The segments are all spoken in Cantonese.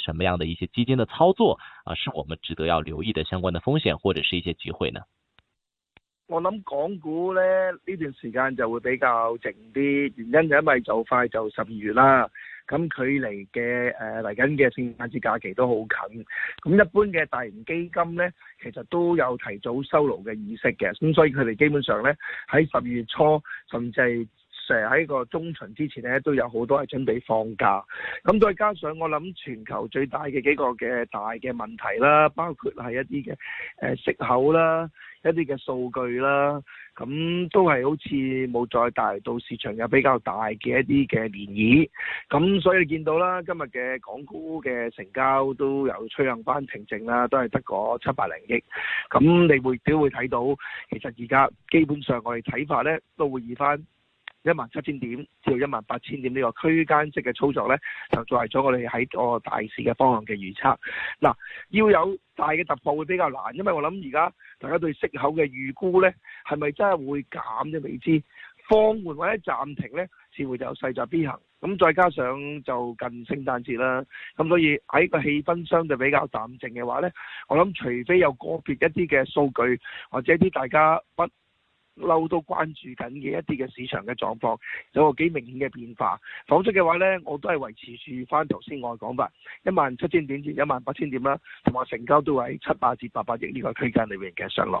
什麼樣的一些基金的操作啊，是我們值得要留意的相關的風險或者是一些機會呢？我諗港股咧，呢段時間就會比較靜啲，原因就因為就快就十二月啦，咁距離嘅誒嚟緊嘅聖誕節假期都好近，咁一般嘅大型基金咧，其實都有提早收樓嘅意識嘅，咁所以佢哋基本上咧喺十二月初甚至。就喺個中旬之前咧，都有好多係準備放假，咁再加上我諗全球最大嘅幾個嘅大嘅問題啦，包括係一啲嘅誒息口啦，一啲嘅數據啦，咁都係好似冇再大到市場有比較大嘅一啲嘅漣漪，咁所以你見到啦，今日嘅港股嘅成交都有趨向翻平靜啦，都係得個七百零億，咁你會都會睇到，其實而家基本上我哋睇法咧都會以翻。一萬七千點至到一萬八千點呢個區間式嘅操作呢，就作為咗我哋喺個大市嘅方向嘅預測。嗱，要有大嘅突破會比較難，因為我諗而家大家對息口嘅預估呢，係咪真係會減啫？未知放緩或者暫停呢，似乎就勢在必行。咁再加上就近聖誕節啦，咁所以喺個氣氛相對比較淡靜嘅話呢，我諗除非有個別一啲嘅數據或者一啲大家不嬲都關注緊嘅一啲嘅市場嘅狀況有個幾明顯嘅變化，否則嘅話呢，我都係維持住翻頭先我嘅講法，一萬七千點至一萬八千點啦，同埋成交都喺七百至八百億呢個區間裏面嘅上落。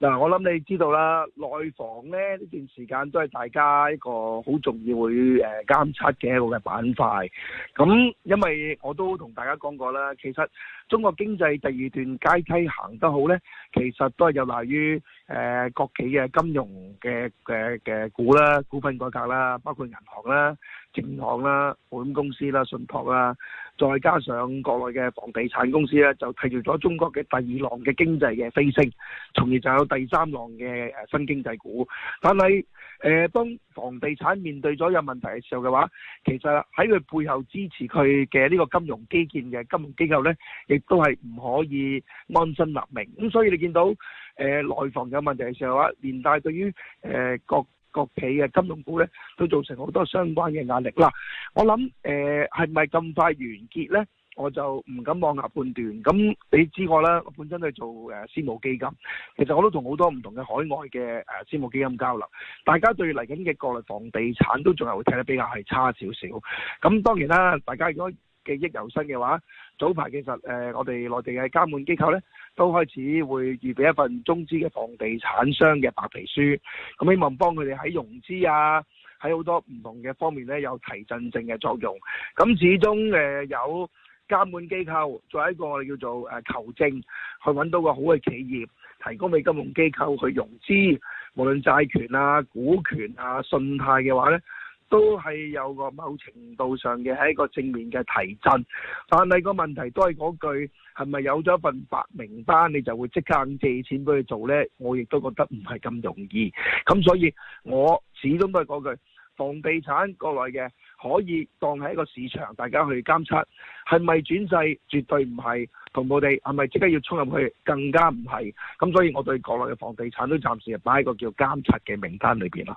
嗱、嗯，我諗你知道啦，內房呢呢段時間都係大家一個好重要會誒、呃、監測嘅一個嘅板塊。咁因為我都同大家講過啦，其實中國經濟第二段階梯行得好呢，其實都係有賴於誒、呃、國企嘅金融嘅嘅嘅股啦、股份改革啦、包括銀行啦。證券啦、保險公司啦、信託啦，再加上國內嘅房地產公司咧，就睇住咗中國嘅第二浪嘅經濟嘅飛升，從而就有第三浪嘅誒新經濟股。但係誒當房地產面對咗有問題嘅時候嘅話，其實喺佢背後支持佢嘅呢個金融基建嘅金融機構咧，亦都係唔可以安身立命。咁所以你見到誒內房有問題嘅時候嘅話，連帶對於誒各國企嘅、啊、金融股咧，都造成好多相關嘅壓力嗱、啊。我諗誒，係咪咁快完結咧？我就唔敢妄下判斷。咁你知我啦，我本身都係做誒、呃、私募基金，其實我都同好多唔同嘅海外嘅誒、呃、私募基金交流。大家對嚟緊嘅國內房地產都仲係會睇得比較係差少少。咁當然啦，大家如果記憶猶新嘅話，早排其實、呃、我哋內地嘅監管機構咧。都開始會預備一份中資嘅房地產商嘅白皮書，咁希望幫佢哋喺融資啊，喺好多唔同嘅方面咧有提振性嘅作用。咁始終誒、呃、有監管機構作為一個我哋叫做誒求、啊、證，去揾到一個好嘅企業，提供俾金融機構去融資，無論債權啊、股權啊、信貸嘅話咧，都係有個某程度上嘅係一個正面嘅提振，但係個問題都係嗰句係咪有咗份白名單，你就會即刻咁借錢俾佢做呢？我亦都覺得唔係咁容易，咁所以我始終都係嗰句，房地產國內嘅可以當係一個市場，大家去監測係咪轉勢，絕對唔係同我哋係咪即刻要衝入去，更加唔係。咁所以我對國內嘅房地產都暫時擺喺個叫監察嘅名單裏邊啦。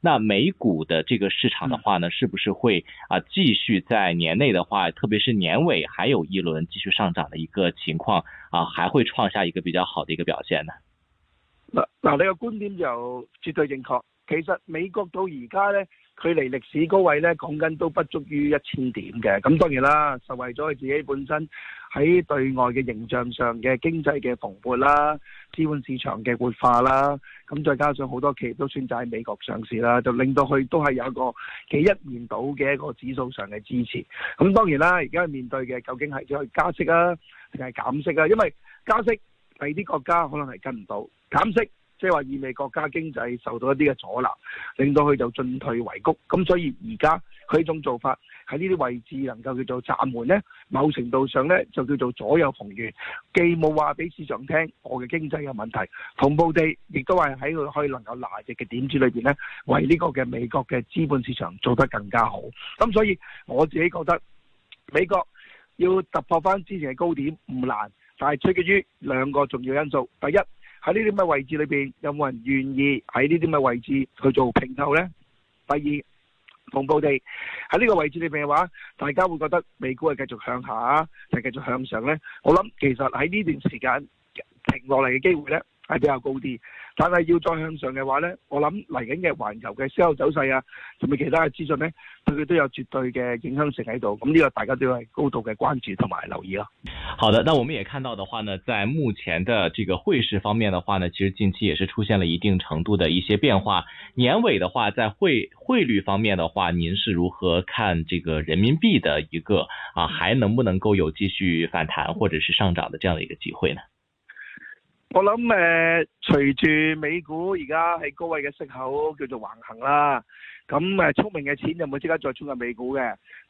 那美股的這個市場的話呢，是不是會啊繼續在年內的話，特別是年尾還有一輪繼續上漲的一個情況啊，還會創下一個比較好的一個表現呢？嗱、嗯嗯嗯、你個觀點就絕對正確。其實美國到而家呢，距離歷史高位呢，講緊都不足於一千點嘅。咁當然啦，受惠咗佢自己本身，喺對外嘅形象上嘅經濟嘅蓬勃啦，資本市場嘅活化啦，咁再加上好多企業都選擇喺美國上市啦，就令到佢都係有一個幾一年到嘅一個指數上嘅支持。咁當然啦，而家面對嘅究竟係要去加息啊，定係減息啊？因為加息，第二啲國家可能係跟唔到；減息，即係話意味國家經濟受到一啲嘅阻擋，令到佢就進退維谷。咁所以而家。佢呢種做法喺呢啲位置能夠叫做暫緩咧，某程度上咧就叫做左右逢源，既冇話俾市場聽我嘅經濟有問題，同步地亦都係喺佢可以能夠拿值嘅點子裏邊咧，為呢個嘅美國嘅資本市場做得更加好。咁所以我自己覺得美國要突破返之前嘅高點唔難，但係取決於兩個重要因素：第一，喺呢啲咁嘅位置裏邊有冇人願意喺呢啲咁嘅位置去做併購咧？第二。同步地喺呢個位置裏邊嘅話，大家會覺得美股係繼續向下定係繼續向上咧？我諗其實喺呢段時間停落嚟嘅機會咧。係比較高啲，但係要再向上嘅話呢，我諗嚟緊嘅環球嘅銷售走勢啊，同埋其他嘅資訊呢，對佢都有絕對嘅影響性喺度，咁呢個大家都要係高度嘅關注同埋留意咯、啊。好的，那我們也看到的話呢，在目前的這個匯市方面的話呢，其實近期也是出現了一定程度的一些變化。年尾的話在，在匯率方面的話，您是如何看這個人民幣嘅一個啊，還能不能夠有繼續反彈或者是上漲的這樣的一個機會呢？我諗誒，隨、呃、住美股而家喺高位嘅息口叫做橫行啦，咁誒，聰明嘅錢就冇即刻再衝入美股嘅，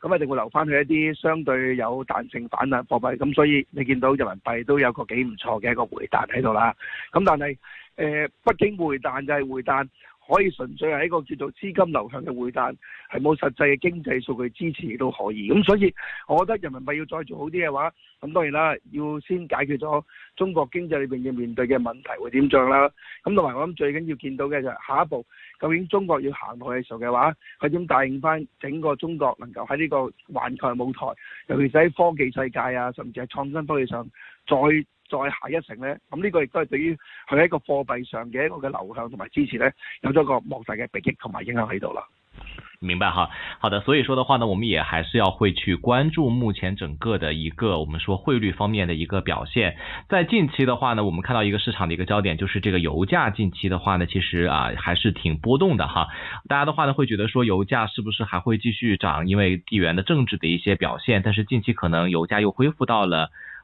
咁一定會留翻去一啲相對有彈性反向貨幣，咁所以你見到人民幣都有個幾唔錯嘅一個回彈喺度啦，咁但係誒，畢、呃、竟回彈就係回彈。可以純粹係一個叫做資金流向嘅回彈，係冇實際嘅經濟數據支持亦都可以。咁所以，我覺得人民幣要再做好啲嘅話，咁當然啦，要先解決咗中國經濟裏邊要面對嘅問題會點樣啦。咁同埋我諗最緊要見到嘅就係下一步究竟中國要行落去嘅時候嘅話，佢點帶領翻整個中國能夠喺呢個環球舞台，尤其係喺科技世界啊，甚至係創新科技上再再下一城呢，咁呢個亦都係對於佢喺一個貨幣上嘅一個嘅流向同埋支持呢，有咗個莫大嘅裨益同埋影響喺度啦。明白哈，好的，所以說的話呢，我們也還是要會去關注目前整個的一個，我們說匯率方面的一個表現。在近期的話呢，我們看到一個市場的一個焦點，就是這個油價近期的話呢，其實啊，還是挺波動的哈。大家的話呢，會覺得說油價是不是還會繼續漲，因為地緣的政治的一些表現，但是近期可能油價又恢復到了。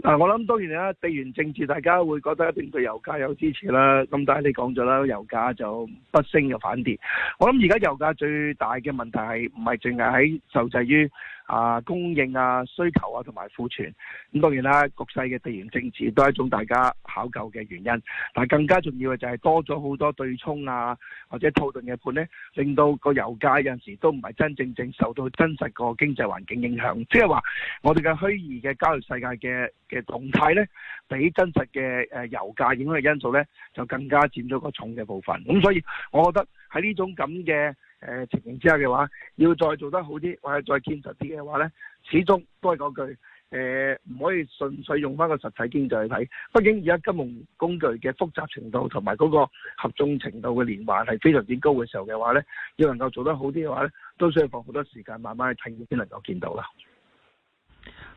嗱，我諗當然啦，地緣政治大家會覺得一定對油價有支持啦。咁但係你講咗啦，油價就不升又反跌。我諗而家油價最大嘅問題係唔係淨係喺受制於。啊，供應啊、需求啊，同埋庫存咁，當然啦，局勢嘅地緣政治都係一種大家考究嘅原因。但係更加重要嘅就係多咗好多對沖啊，或者套戥嘅盤呢，令到個油價有陣時都唔係真正正受到真實個經濟環境影響。即係話我哋嘅虛擬嘅交易世界嘅嘅動態呢，比真實嘅誒油價影響嘅因素呢，就更加佔咗個重嘅部分。咁所以，我覺得喺呢種咁嘅。誒、呃、情形之下嘅話，要再做得好啲，或者再堅實啲嘅話呢，始終都係嗰句誒，唔、呃、可以純粹用翻個實體經濟去睇。畢竟而家金融工具嘅複雜程度同埋嗰個合縱程度嘅連環係非常之高嘅時候嘅話呢，要能夠做得好啲嘅話呢，都需要放好多時間慢慢去睇先能夠見到啦。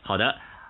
好的。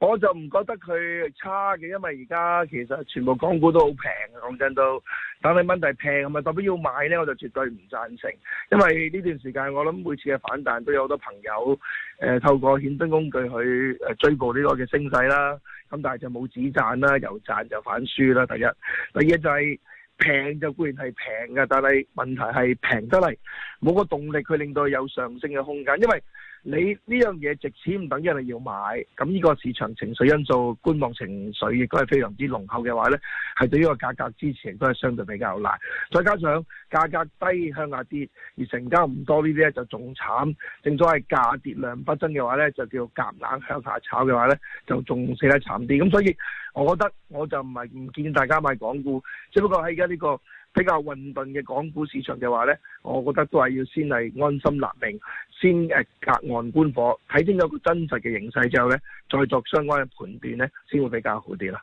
我就唔覺得佢差嘅，因為而家其實全部港股都好平。講真都，但係問題係平，咪代表要買呢？我就絕對唔贊成。因為呢段時間，我諗每次嘅反彈都有好多朋友、呃、透過衍生工具去追捕呢個嘅升勢啦。咁但係就冇止賺啦，由賺就反輸啦。第一，第二就係平就固然係平嘅，但係問題係平得嚟冇個動力，去令到有上升嘅空間，因為。你呢樣嘢值錢唔等於係要買，咁呢個市場情緒因素、觀望情緒亦都係非常之濃厚嘅話呢，係對於個價格支持亦都係相對比較難。再加上價格低向下跌，而成交唔多呢啲呢就仲慘。正所謂價跌量不增嘅話呢就叫夾硬向下炒嘅話呢就仲死得慘啲。咁所以，我覺得我就唔係唔建議大家買港股，只不過喺而家呢個。比較混沌嘅港股市場嘅話呢，我覺得都係要先係安心立命，先誒隔岸觀火，睇清楚個真實嘅形勢之後呢，再作相關嘅判斷呢，先會比較好啲啦。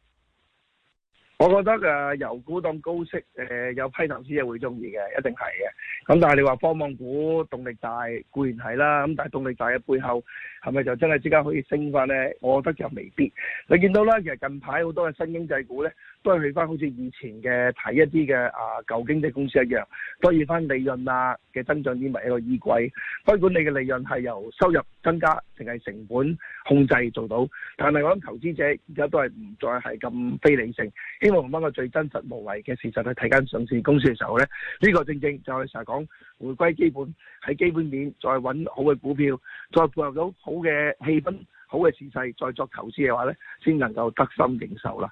我覺得誒，油、呃、股當高息誒、呃，有批投資者會中意嘅，一定係嘅。咁但係你話科網股動力大，固然係啦。咁但係動力大嘅背後係咪就真係即刻可以升翻咧？我覺得就未必。你見到啦，其實近排好多嘅新經濟股咧，都係去翻好似以前嘅睇一啲嘅啊舊經濟公司一樣，都以翻利潤啊嘅增長點為一個依歸。不管你嘅利潤係由收入增加定係成本控制做到，但係我諗投資者而家都係唔再係咁非理性。呢個係最真實無遺嘅事實。喺睇緊上市公司嘅時候咧，呢個正正就係成日講回歸基本，喺基本面再揾好嘅股票，再配合到好嘅氣氛、好嘅市勢，再作投資嘅話咧，先能夠得心應手啦。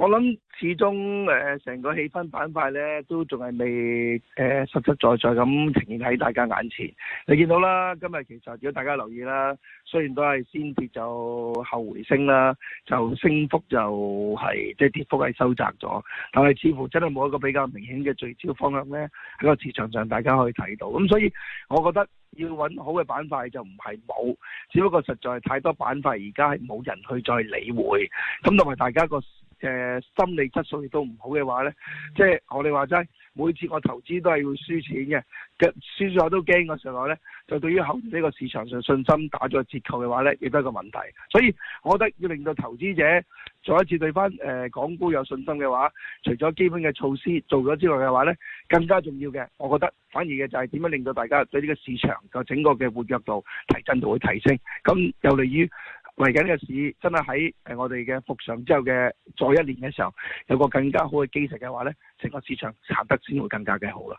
我諗始終誒，成、呃、個氣氛板塊咧，都仲係未誒、呃，實實在在咁呈現喺大家眼前。你見到啦，今日其實如果大家留意啦，雖然都係先跌就後回升啦，就升幅就係即係跌幅係收窄咗，但係似乎真係冇一個比較明顯嘅聚焦方向咧，喺個市場上大家可以睇到。咁所以我覺得要搵好嘅板塊就唔係冇，只不過實在太多板塊而家係冇人去再理會，咁同埋大家個。誒、呃、心理質素亦都唔好嘅話呢，即係我哋話齋，每次我投資都係會輸錢嘅，嘅輸咗我都驚嘅。上來呢，就對於後面呢個市場上信心打咗折扣嘅話呢，亦都係一個問題。所以，我覺得要令到投資者再一次對翻誒、呃、港股有信心嘅話，除咗基本嘅措施做咗之外嘅話呢，更加重要嘅，我覺得反而嘅就係點樣令到大家對呢個市場嘅整個嘅活躍度、提振度會提升，咁有利於。嚟緊嘅市真係喺我哋嘅復常之後嘅再一年嘅時候，有個更加好嘅基石嘅話，呢整個市場行得先會更加嘅好啦。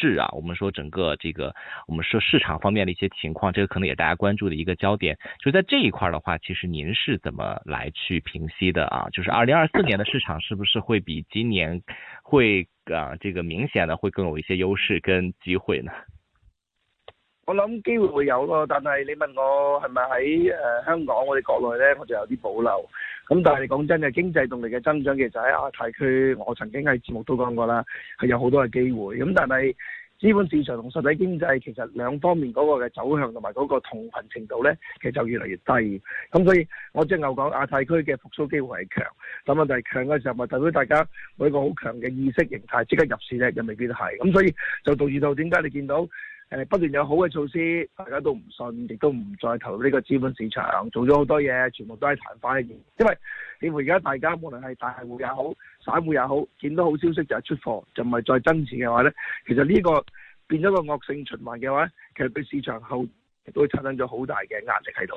是啊，我們說整個這個，我們說市場方面的一些情況，這個可能也大家關注的一個焦點。就在這一塊的話，其實您是怎麼來去平息的啊？就是二零二四年的市場是不是會比今年會啊、呃、這個明顯的會更有一些優勢跟機會呢？我諗機會會有咯，但係你問我係咪喺誒香港，我哋國內呢，我就有啲保留。咁但係講真嘅，經濟動力嘅增長其實喺亞太區，我曾經喺節目都講過啦，係有好多嘅機會。咁但係資本市場同實體經濟其實兩方面嗰個嘅走向同埋嗰個同頻程度咧，其實就越嚟越低。咁所以我正牛講亞太區嘅復甦機會係強，咁就係強嘅時候，咪代表大家有一個好強嘅意識形態，即刻入市咧，又未必係。咁所以就導致到點解你見到？誒、呃，不斷有好嘅措施，大家都唔信，亦都唔再投入呢個資本市場，做咗好多嘢，全部都係曇花一現。因為你話而家大家，無論係大戶也好，散戶也好，見到好消息就係出貨，就唔係再增持嘅話呢，其實呢個變咗個惡性循環嘅話，其實對市場後都會產生咗好大嘅壓力喺度。